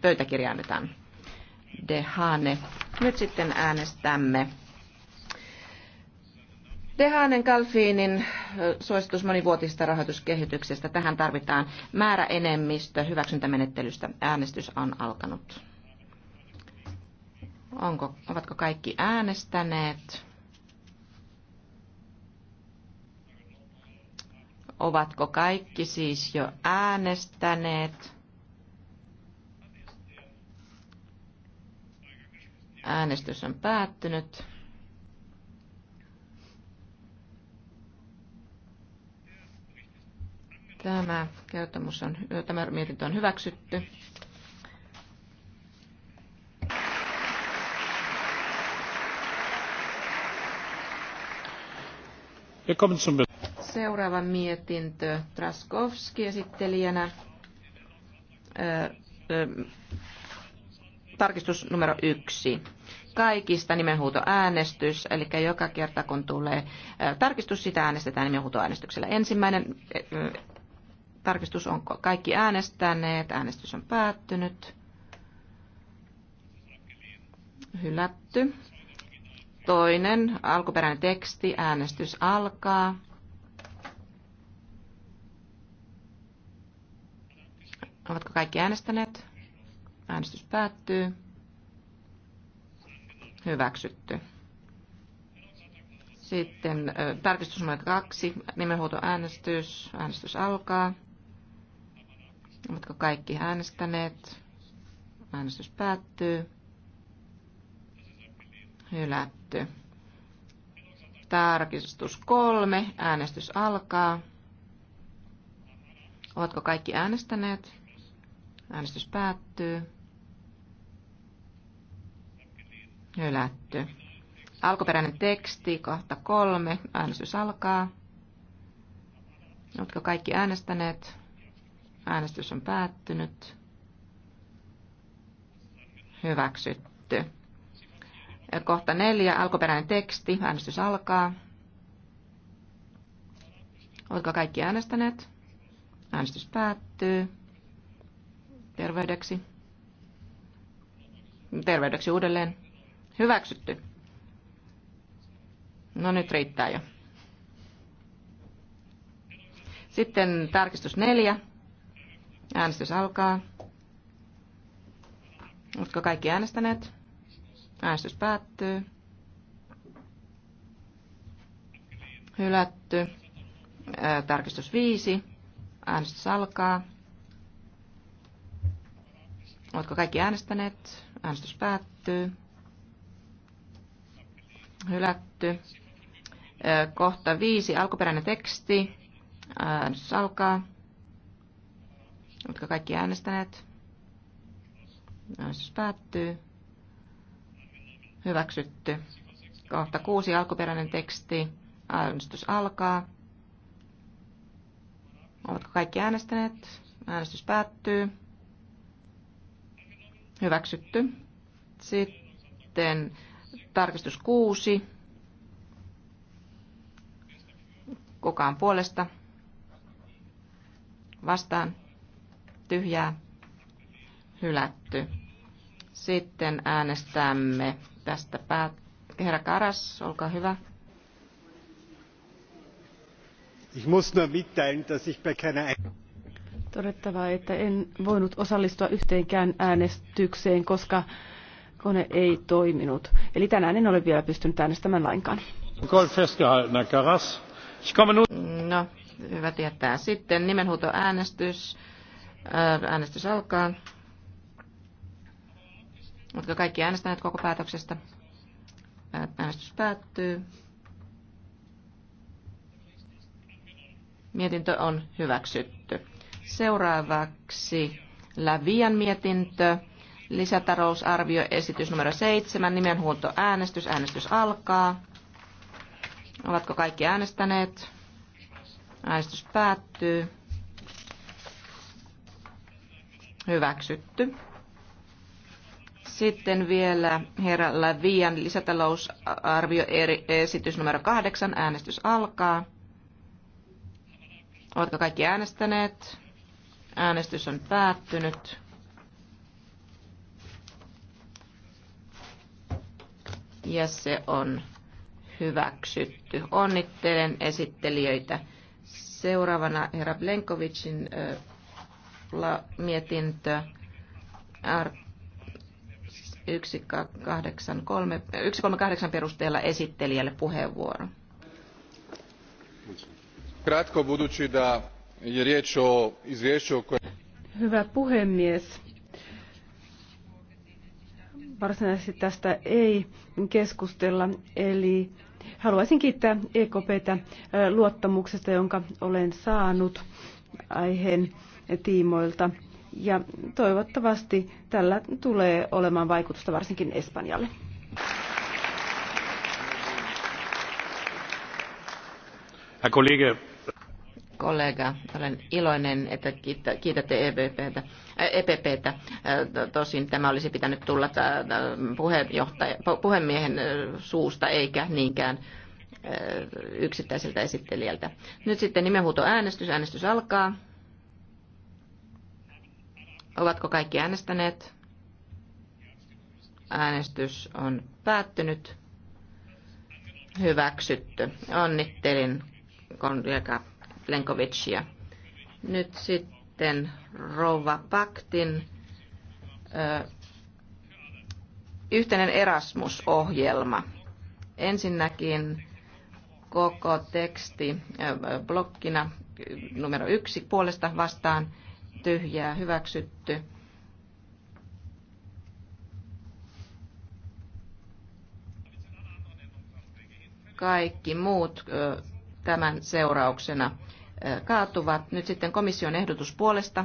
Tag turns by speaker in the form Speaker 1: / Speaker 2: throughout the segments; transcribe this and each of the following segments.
Speaker 1: pöytäkirja annetaan. Dehane. Nyt sitten äänestämme. Dehanen Kalfiinin suositus monivuotisesta rahoituskehityksestä. Tähän tarvitaan määräenemmistö hyväksyntämenettelystä. Äänestys on alkanut. Onko, ovatko kaikki äänestäneet? Ovatko kaikki siis jo äänestäneet? Äänestys on päättynyt. Tämä kertomus on, tämä mietintö on hyväksytty. Seuraava mietintö Traskovski esittelijänä. Ö, ö, tarkistus numero yksi kaikista nimenhuutoäänestys, eli joka kerta kun tulee tarkistus, sitä äänestetään nimenhuutoäänestyksellä. Ensimmäinen tarkistus on kaikki äänestäneet, äänestys on päättynyt, hylätty. Toinen, alkuperäinen teksti, äänestys alkaa. Ovatko kaikki äänestäneet? Äänestys päättyy. Hyväksytty. Sitten tarkistus numero kaksi, nimenhuutoäänestys. Äänestys alkaa. Ovatko kaikki äänestäneet? Äänestys päättyy. Hylätty. Tarkistus kolme. Äänestys alkaa. Ovatko kaikki äänestäneet? Äänestys päättyy. Hylätty. Alkuperäinen teksti, kohta kolme. Äänestys alkaa. Oletko kaikki äänestäneet? Äänestys on päättynyt. Hyväksytty. Kohta neljä. Alkuperäinen teksti. Äänestys alkaa. Oletko kaikki äänestäneet? Äänestys päättyy. Terveydeksi. Terveydeksi uudelleen. Hyväksytty. No nyt riittää jo. Sitten tarkistus neljä. Äänestys alkaa. Oletko kaikki äänestäneet? Äänestys päättyy. Hylätty. Tarkistus viisi. Äänestys alkaa. Oletko kaikki äänestäneet? Äänestys päättyy. Hylätty. Kohta viisi, alkuperäinen teksti. Äänestys alkaa. Oletko kaikki äänestäneet? Äänestys päättyy. Hyväksytty. Kohta kuusi, alkuperäinen teksti. Äänestys alkaa. Ovatko kaikki äänestäneet? Äänestys päättyy. Hyväksytty. Sitten Tarkistus 6. Kukaan puolesta? Vastaan. Tyhjää. Hylätty. Sitten äänestämme tästä päät... Herra Karas, olkaa hyvä.
Speaker 2: Ich muss nur mitteilen, dass ich bei keiner
Speaker 3: Todettava, että en voinut osallistua yhteenkään äänestykseen, koska kone ei toiminut. Eli tänään en ole
Speaker 1: vielä pystynyt äänestämään lainkaan.
Speaker 2: Siis no,
Speaker 1: hyvä tietää. Sitten nimenhuutoäänestys. Äänestys alkaa. Oletko kaikki äänestäneet koko päätöksestä? Äänestys päättyy. Mietintö on hyväksytty. Seuraavaksi Lävian mietintö. Lisätalousarvioesitys numero 7, nimenhuolto äänestys. Äänestys alkaa. Ovatko kaikki äänestäneet? Äänestys päättyy. Hyväksytty. Sitten vielä herra Lävian lisätalousarvioesitys numero 8. Äänestys alkaa. Ovatko kaikki äänestäneet? Äänestys on päättynyt. ja se on hyväksytty. Onnittelen esittelijöitä. Seuraavana herra Blenkovicin la, mietintö R 183, 138 perusteella esittelijälle puheenvuoro.
Speaker 2: Kratko, budući da je riječ o izvješću
Speaker 1: Hyvä puhemies
Speaker 3: varsinaisesti tästä ei keskustella, eli haluaisin kiittää EKPtä luottamuksesta, jonka olen saanut aiheen tiimoilta. Ja toivottavasti tällä tulee olemaan vaikutusta varsinkin Espanjalle.
Speaker 2: Herr Kollege,
Speaker 1: kollega, olen iloinen, että kiitätte EPPtä. EPPtä. Äh, tosin tämä olisi pitänyt tulla äh, puhemiehen äh, suusta eikä niinkään yksittäiseltä esittelijältä. Nyt sitten nimenhuuto äänestys. Äänestys alkaa. Ovatko kaikki äänestäneet? Äänestys on päättynyt. Hyväksytty. Onnittelin kollega Plenkovicia. Nyt sitten Rova Paktin yhteinen Erasmus-ohjelma. Ensinnäkin koko teksti blokkina numero yksi puolesta vastaan tyhjää hyväksytty. Kaikki muut ö, tämän seurauksena kaatuvat. Nyt sitten komission ehdotus puolesta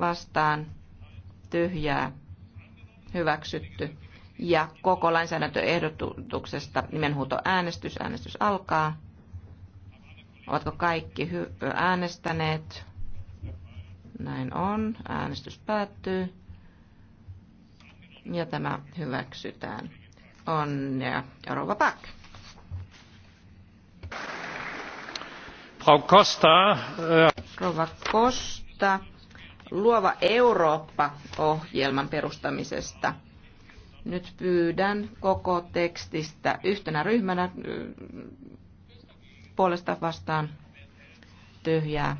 Speaker 1: vastaan tyhjää hyväksytty. Ja koko lainsäädäntöehdotuksesta nimenhuuto äänestys. Äänestys alkaa. Ovatko kaikki äänestäneet? Näin on. Äänestys päättyy. Ja tämä hyväksytään. Onnea. Rouva Pack. Frau Costa. Äh, Costa, Luova Eurooppa-ohjelman perustamisesta. Nyt pyydän koko tekstistä yhtenä ryhmänä äh, puolesta vastaan tyhjää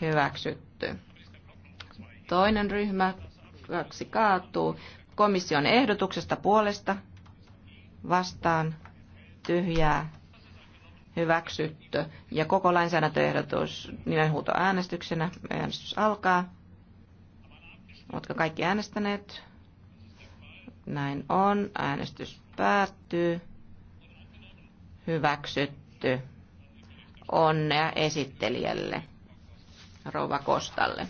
Speaker 1: hyväksytty. Toinen ryhmä, kaksi kaatuu. Komission ehdotuksesta puolesta vastaan tyhjää hyväksytty. Ja koko lainsäädäntöehdotus nimenhuuto äänestyksenä. Äänestys alkaa. Oletko kaikki äänestäneet? Näin on. Äänestys päättyy. Hyväksytty. Onnea esittelijälle, Rova Kostalle.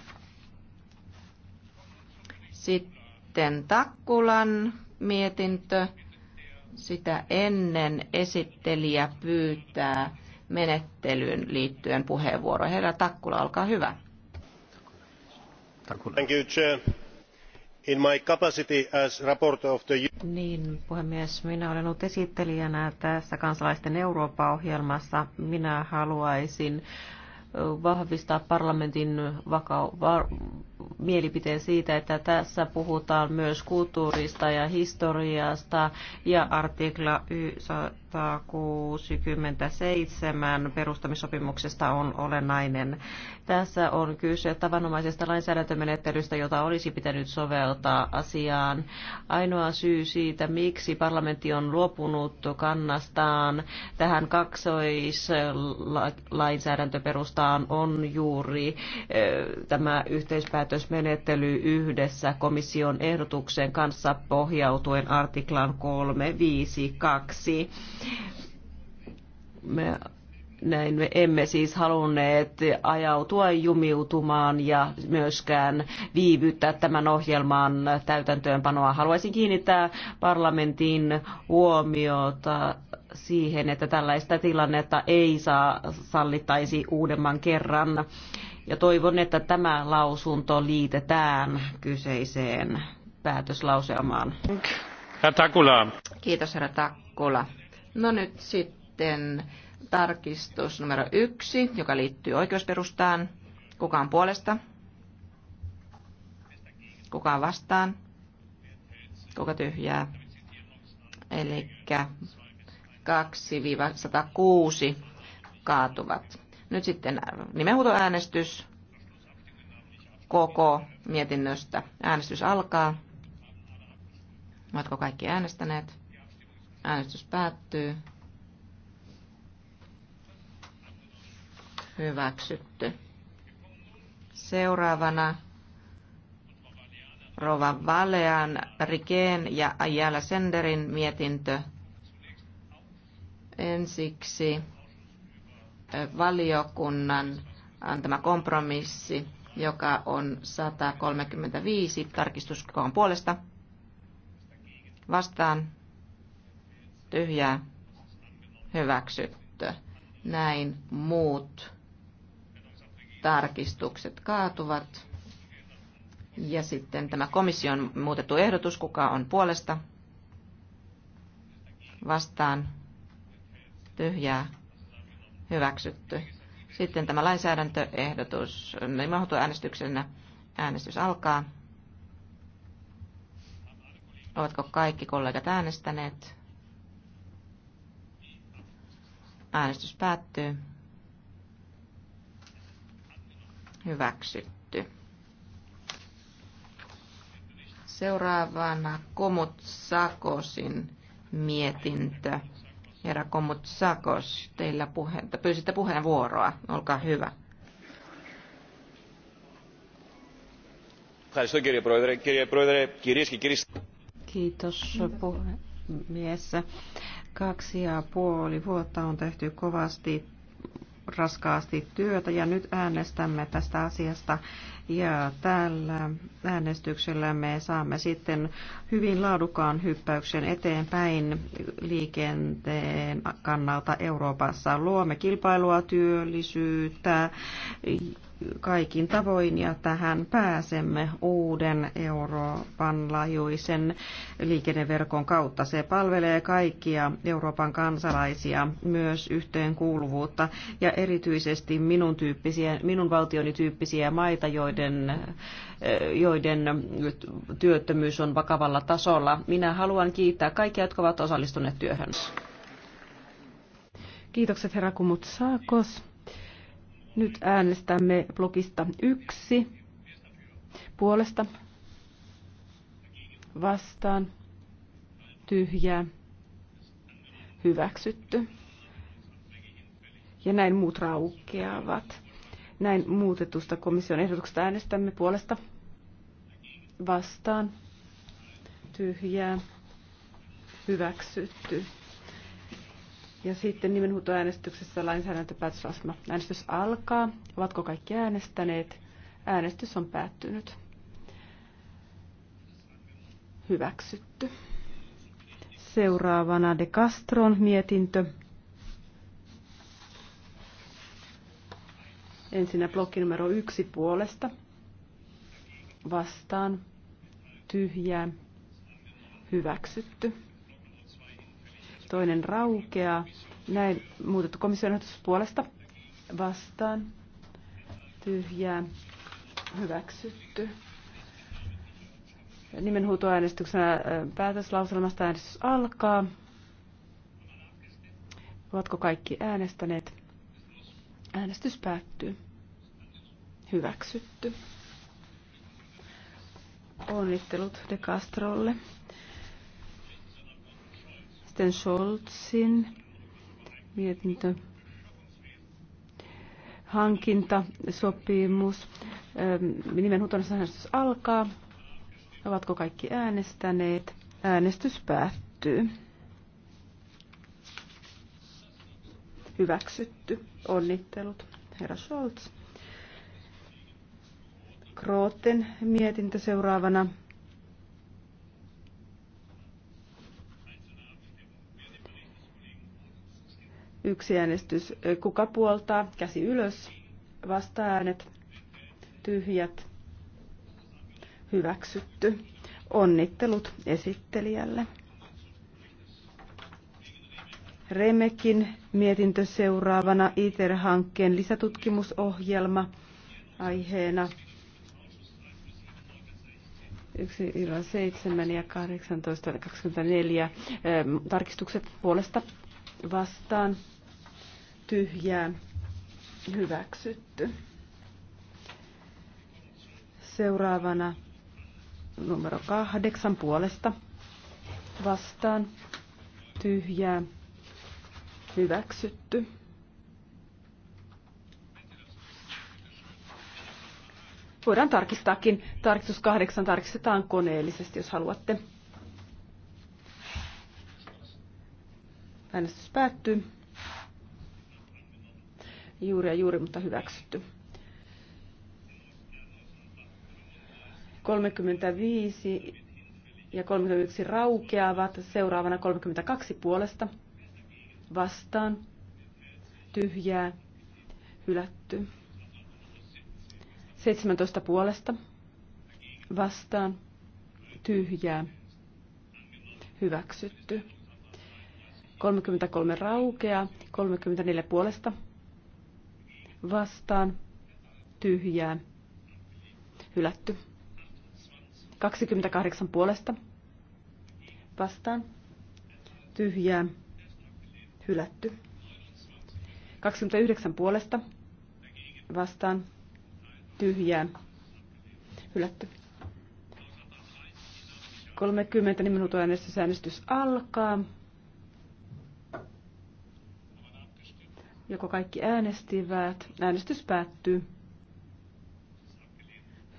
Speaker 1: Sitten Takkulan mietintö sitä ennen esittelijä pyytää menettelyyn liittyen puheenvuoro. Herra Takkula, olkaa hyvä.
Speaker 2: Takkula. Thank you, Chair. In my capacity as rapporteur of the... Niin, puhemies, minä olen ollut esittelijänä tässä kansalaisten Eurooppa-ohjelmassa. Minä haluaisin äh, vahvistaa parlamentin vakau- va- mielipiteen siitä, että tässä puhutaan myös kulttuurista ja historiasta ja artikla y- 1967 perustamissopimuksesta on olennainen. Tässä on kyse tavanomaisesta lainsäädäntömenettelystä, jota olisi pitänyt soveltaa asiaan. Ainoa syy siitä, miksi parlamentti on luopunut kannastaan tähän kaksoislainsäädäntöperustaan, on juuri tämä yhteispäätösmenettely yhdessä komission ehdotuksen kanssa pohjautuen artiklan 352. Me, näin me emme siis halunneet ajautua jumiutumaan ja myöskään viivyttää tämän ohjelman täytäntöönpanoa. Haluaisin kiinnittää parlamentin huomiota siihen, että tällaista tilannetta ei saa sallittaisi uudemman kerran. Ja toivon, että tämä lausunto liitetään kyseiseen päätöslauseamaan. Herra Takula. Kiitos, herra Takula.
Speaker 1: No nyt sitten tarkistus numero yksi, joka liittyy oikeusperustaan. Kuka on puolesta? Kuka on vastaan? Kuka tyhjää? Eli 2-106 kaatuvat. Nyt sitten nimenhuutoäänestys koko mietinnöstä. Äänestys alkaa. Oletko kaikki äänestäneet? Äänestys päättyy. Hyväksytty. Seuraavana Rova Valean, Rikeen ja Ajala Senderin mietintö. Ensiksi valiokunnan antama kompromissi, joka on 135, tarkistuskoon puolesta. Vastaan tyhjää hyväksytty. Näin muut tarkistukset kaatuvat. Ja sitten tämä komission muutettu ehdotus, kuka on puolesta vastaan tyhjää hyväksytty. Sitten tämä lainsäädäntöehdotus nimenhuuto niin äänestyksenä. Äänestys alkaa. Ovatko kaikki kollegat äänestäneet? Äänestys päättyy. Hyväksytty. Seuraavana Komut Sakosin mietintö. Herra Komut Sakos, teillä puhe, pyysitte puheenvuoroa. Olkaa hyvä.
Speaker 2: Kiitos puhemies. Kaksi ja puoli vuotta on tehty kovasti raskaasti työtä ja nyt äänestämme tästä asiasta ja tällä äänestyksellä me saamme sitten hyvin laadukkaan hyppäyksen eteenpäin liikenteen kannalta Euroopassa. Luomme kilpailua, työllisyyttä, kaikin tavoin ja tähän pääsemme uuden Euroopan laajuisen liikenneverkon kautta. Se palvelee kaikkia Euroopan kansalaisia, myös yhteenkuuluvuutta ja erityisesti minun, tyyppisiä, minun valtioni tyyppisiä maita, joiden, joiden työttömyys on vakavalla tasolla. Minä haluan kiittää kaikkia, jotka ovat osallistuneet työhön.
Speaker 3: Kiitokset herra Kumut Saakos. Nyt äänestämme blokista yksi puolesta vastaan tyhjää hyväksytty. Ja näin muut raukeavat. Näin muutetusta komission ehdotuksesta äänestämme puolesta vastaan tyhjää hyväksytty. Ja sitten nimenhuutoäänestyksessä lainsäädäntöpäätösasema. Äänestys alkaa. Ovatko kaikki äänestäneet? Äänestys on päättynyt. Hyväksytty. Seuraavana De Castron mietintö. Ensinnä blokki numero yksi puolesta. Vastaan. Tyhjää. Hyväksytty toinen raukeaa. Näin muutettu komission ehdotus puolesta vastaan. Tyhjää. Hyväksytty. Nimenhuutoäänestyksenä päätöslauselmasta äänestys alkaa. Ovatko kaikki äänestäneet? Äänestys päättyy. Hyväksytty. Onnittelut De Castrolle. Sitten Scholzin mietintö. sopimus Nimenhuutoinen äänestys alkaa. Ovatko kaikki äänestäneet? Äänestys päättyy. Hyväksytty. Onnittelut, herra Scholz. Krooten mietintö seuraavana. Yksi äänestys. Kuka puoltaa? Käsi ylös. Vasta-äänet. Tyhjät. Hyväksytty. Onnittelut esittelijälle. Remekin mietintö seuraavana ITER-hankkeen lisätutkimusohjelma aiheena 1-7 ja 18-24. Tarkistukset puolesta vastaan tyhjää hyväksytty. Seuraavana numero kahdeksan puolesta vastaan tyhjää hyväksytty. Voidaan tarkistaakin. Tarkistus kahdeksan tarkistetaan koneellisesti, jos haluatte. Äänestys päättyy juuri ja juuri, mutta hyväksytty. 35 ja 31 raukeavat, seuraavana 32 puolesta vastaan, tyhjää, hylätty. 17 puolesta vastaan, tyhjää, hyväksytty. 33 raukeaa, 34 puolesta vastaan tyhjää hylätty. 28 puolesta vastaan tyhjää hylätty. 29 puolesta vastaan tyhjää hylätty. 30 minuutin äänestys alkaa. Joko kaikki äänestivät? Äänestys päättyy.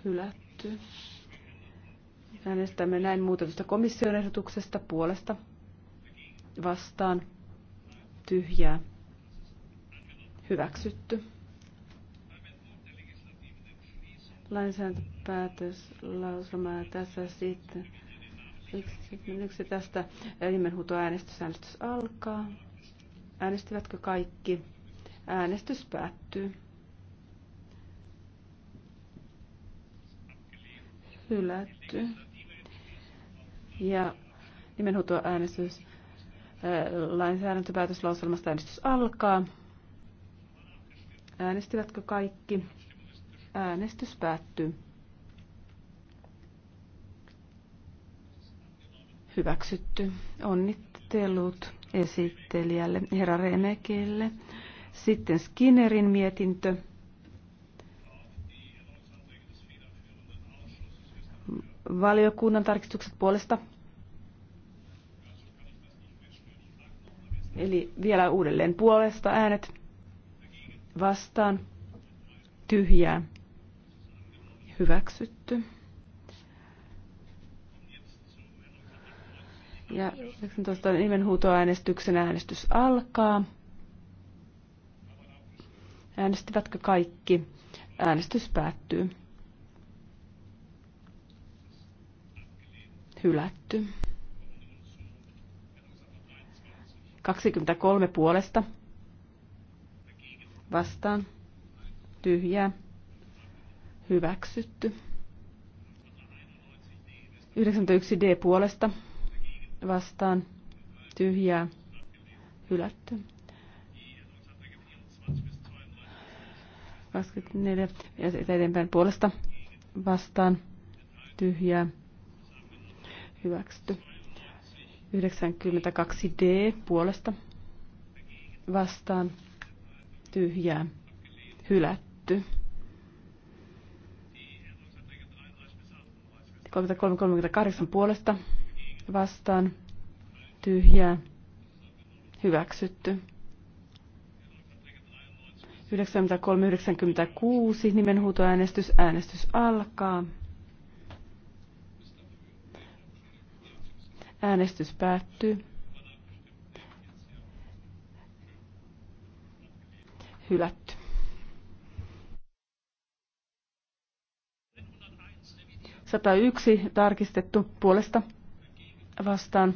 Speaker 3: Hylätty. Äänestämme näin muutetusta komission ehdotuksesta puolesta vastaan tyhjää. Hyväksytty. Lainsäädäntöpäätös, lausuma tässä sitten. Yksi, yksi tästä äänestys Äänestys alkaa. Äänestivätkö kaikki? Äänestys päättyy. Hylätty. Ja nimenhuuto äänestys äh, lainsäädäntöpäätöslauselmasta äänestys alkaa. Äänestivätkö kaikki? Äänestys päättyy. Hyväksytty. Onnittelut esittelijälle herra Remekille. Sitten Skinnerin mietintö. Valiokunnan tarkistukset puolesta. Eli vielä uudelleen puolesta äänet vastaan tyhjää hyväksytty. Ja 19 nimenhuutoäänestyksen äänestys alkaa. Äänestivätkö kaikki? Äänestys päättyy. Hylätty. 23 puolesta. Vastaan. Tyhjää. Hyväksytty. 91 D puolesta. Vastaan. Tyhjää. Hylätty. 24 ja sitä eteenpäin puolesta vastaan tyhjää hyväksytty. 92D puolesta vastaan tyhjää hylätty. 3338 puolesta vastaan tyhjää hyväksytty. 93.96 nimenhuutoäänestys. Äänestys alkaa. Äänestys päättyy. Hylätty. 101 tarkistettu puolesta vastaan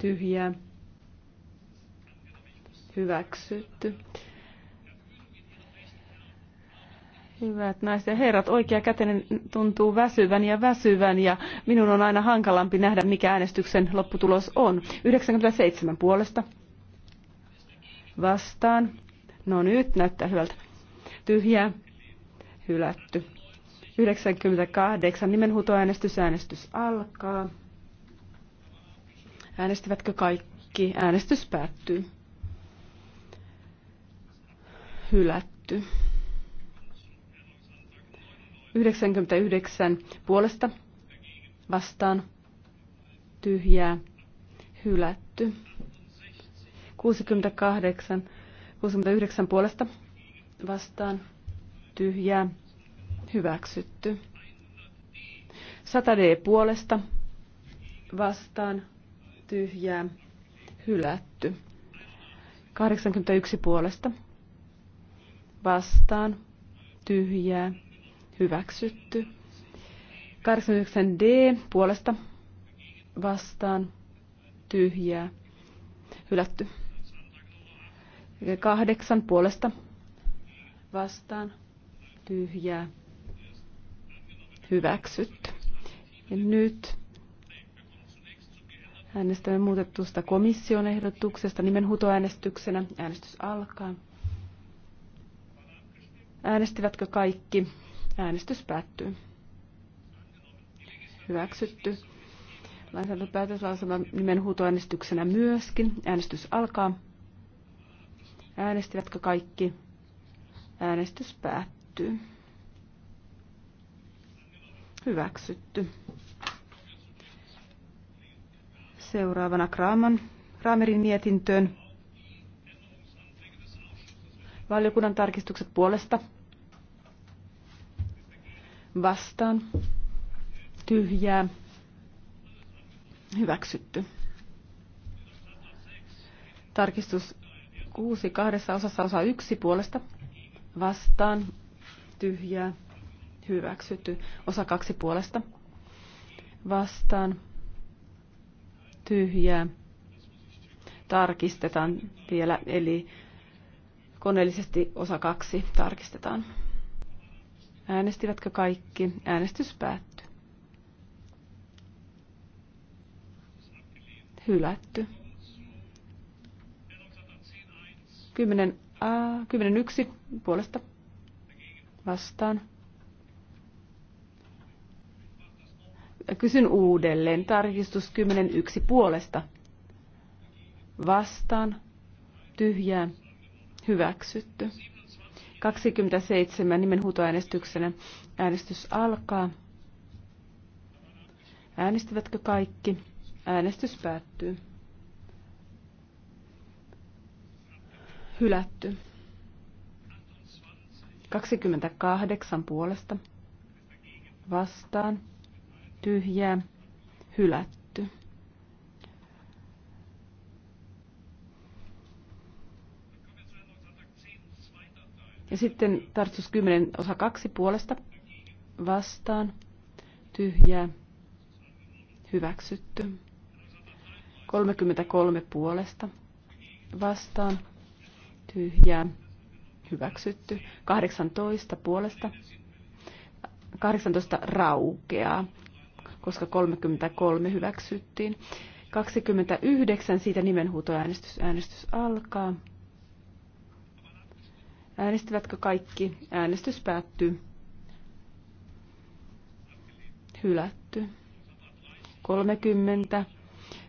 Speaker 3: tyhjää hyväksytty. Hyvät naiset ja herrat, oikea käteni tuntuu väsyvän ja väsyvän ja minun on aina hankalampi nähdä, mikä äänestyksen lopputulos on. 97 puolesta. Vastaan. No nyt näyttää hyvältä. Tyhjää. Hylätty. 98. Nimenhuutoäänestys. Äänestys alkaa. Äänestivätkö kaikki? Äänestys päättyy. Hylätty. 99 puolesta vastaan tyhjää hylätty. 68, 69 puolesta vastaan tyhjää hyväksytty. 100 D puolesta vastaan tyhjää hylätty. 81 puolesta vastaan tyhjää hyväksytty. 89D puolesta vastaan tyhjää hylätty. Kahdeksan puolesta vastaan tyhjää hyväksytty. Ja nyt äänestämme muutettusta komission ehdotuksesta nimenhutoäänestyksenä. Äänestys alkaa. Äänestivätkö kaikki? Äänestys päättyy. Hyväksytty. Lainsäädäntöpäätöslausuma nimen huutoäänestyksenä myöskin. Äänestys alkaa. Äänestivätkö kaikki? Äänestys päättyy. Hyväksytty. Seuraavana Kraaman, Raamerin mietintöön. Valiokunnan tarkistukset puolesta vastaan tyhjää hyväksytty. Tarkistus 6 kahdessa osassa osa 1 puolesta vastaan tyhjää hyväksytty. Osa 2 puolesta vastaan tyhjää tarkistetaan vielä eli koneellisesti osa 2 tarkistetaan. Äänestivätkö kaikki? Äänestys päättyi. Hylätty. 10, a, 10 1 puolesta vastaan. Kysyn uudelleen. Tarkistus 10 10.1 puolesta. Vastaan. Tyhjää. Hyväksytty. 27 nimenhuutoäänestyksenä. Äänestys alkaa. Äänestivätkö kaikki? Äänestys päättyy. Hylätty. 28 puolesta. Vastaan. Tyhjää. Hylätty. Ja sitten tarkistus 10 osa 2 puolesta vastaan. Tyhjää. Hyväksytty. 33 puolesta vastaan. Tyhjää. Hyväksytty. 18 puolesta. 18 raukeaa, koska 33 hyväksyttiin. 29 siitä nimenhuutoäänestys äänestys alkaa. Äänestivätkö kaikki? Äänestys päättyy. Hylätty. 30.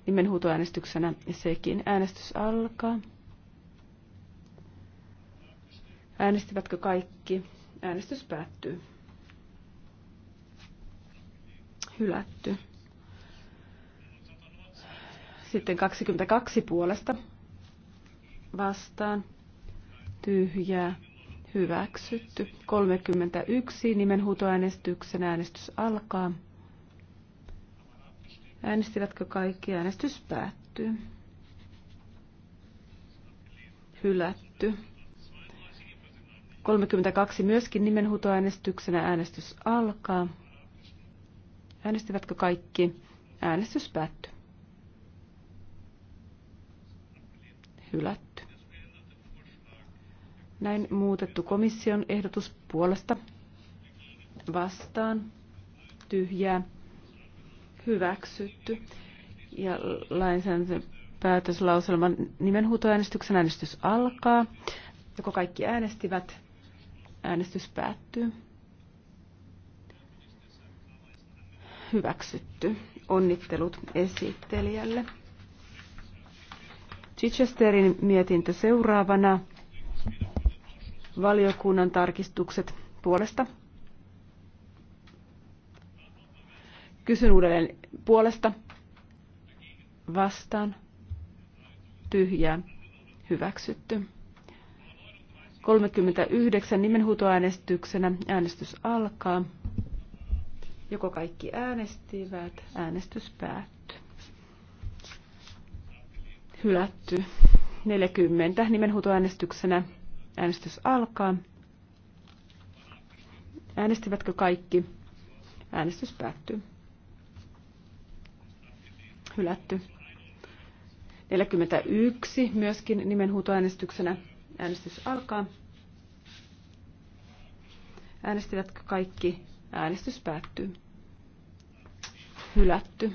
Speaker 3: Nimenhuutoäänestyksenä sekin. Äänestys alkaa. Äänestivätkö kaikki? Äänestys päättyy. Hylätty. Sitten 22 puolesta vastaan tyhjää hyväksytty. 31 nimenhuutoäänestyksen äänestys alkaa. Äänestivätkö kaikki? Äänestys päättyy. Hylätty. 32 myöskin nimenhuutoäänestyksenä äänestys alkaa. Äänestivätkö kaikki? Äänestys päättyy. Hylätty. Näin muutettu komission ehdotus puolesta vastaan tyhjää hyväksytty ja lainsäädännön päätöslauselman nimenhuutoäänestyksen äänestys alkaa. Joko kaikki äänestivät? Äänestys päättyy. Hyväksytty. Onnittelut esittelijälle. Chichesterin mietintö seuraavana valiokunnan tarkistukset puolesta. Kysyn uudelleen puolesta. Vastaan. Tyhjää. Hyväksytty. 39 nimenhuutoäänestyksenä äänestys alkaa. Joko kaikki äänestivät, äänestys päättyy. Hylätty. 40 nimenhuutoäänestyksenä Äänestys alkaa. Äänestivätkö kaikki? Äänestys päättyy. Hylätty. 41 myöskin nimenhuutoäänestyksenä. Äänestys alkaa. Äänestivätkö kaikki? Äänestys päättyy. Hylätty.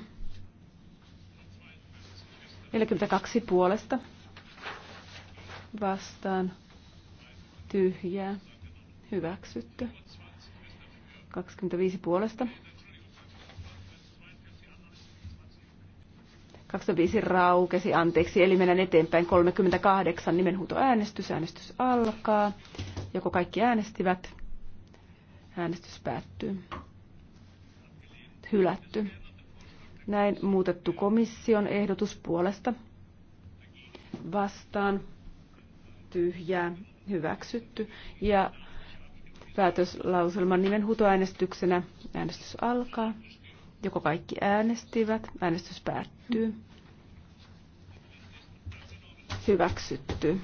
Speaker 3: 42 puolesta vastaan tyhjää, hyväksytty. 25 puolesta. 25 raukesi, anteeksi, eli mennään eteenpäin 38 äänestys, äänestys alkaa. Joko kaikki äänestivät? Äänestys päättyy. Hylätty. Näin muutettu komission ehdotus puolesta. Vastaan. Tyhjää hyväksytty. Ja päätöslauselman nimen hutoäänestyksenä äänestys alkaa. Joko kaikki äänestivät, äänestys päättyy. Hyväksytty.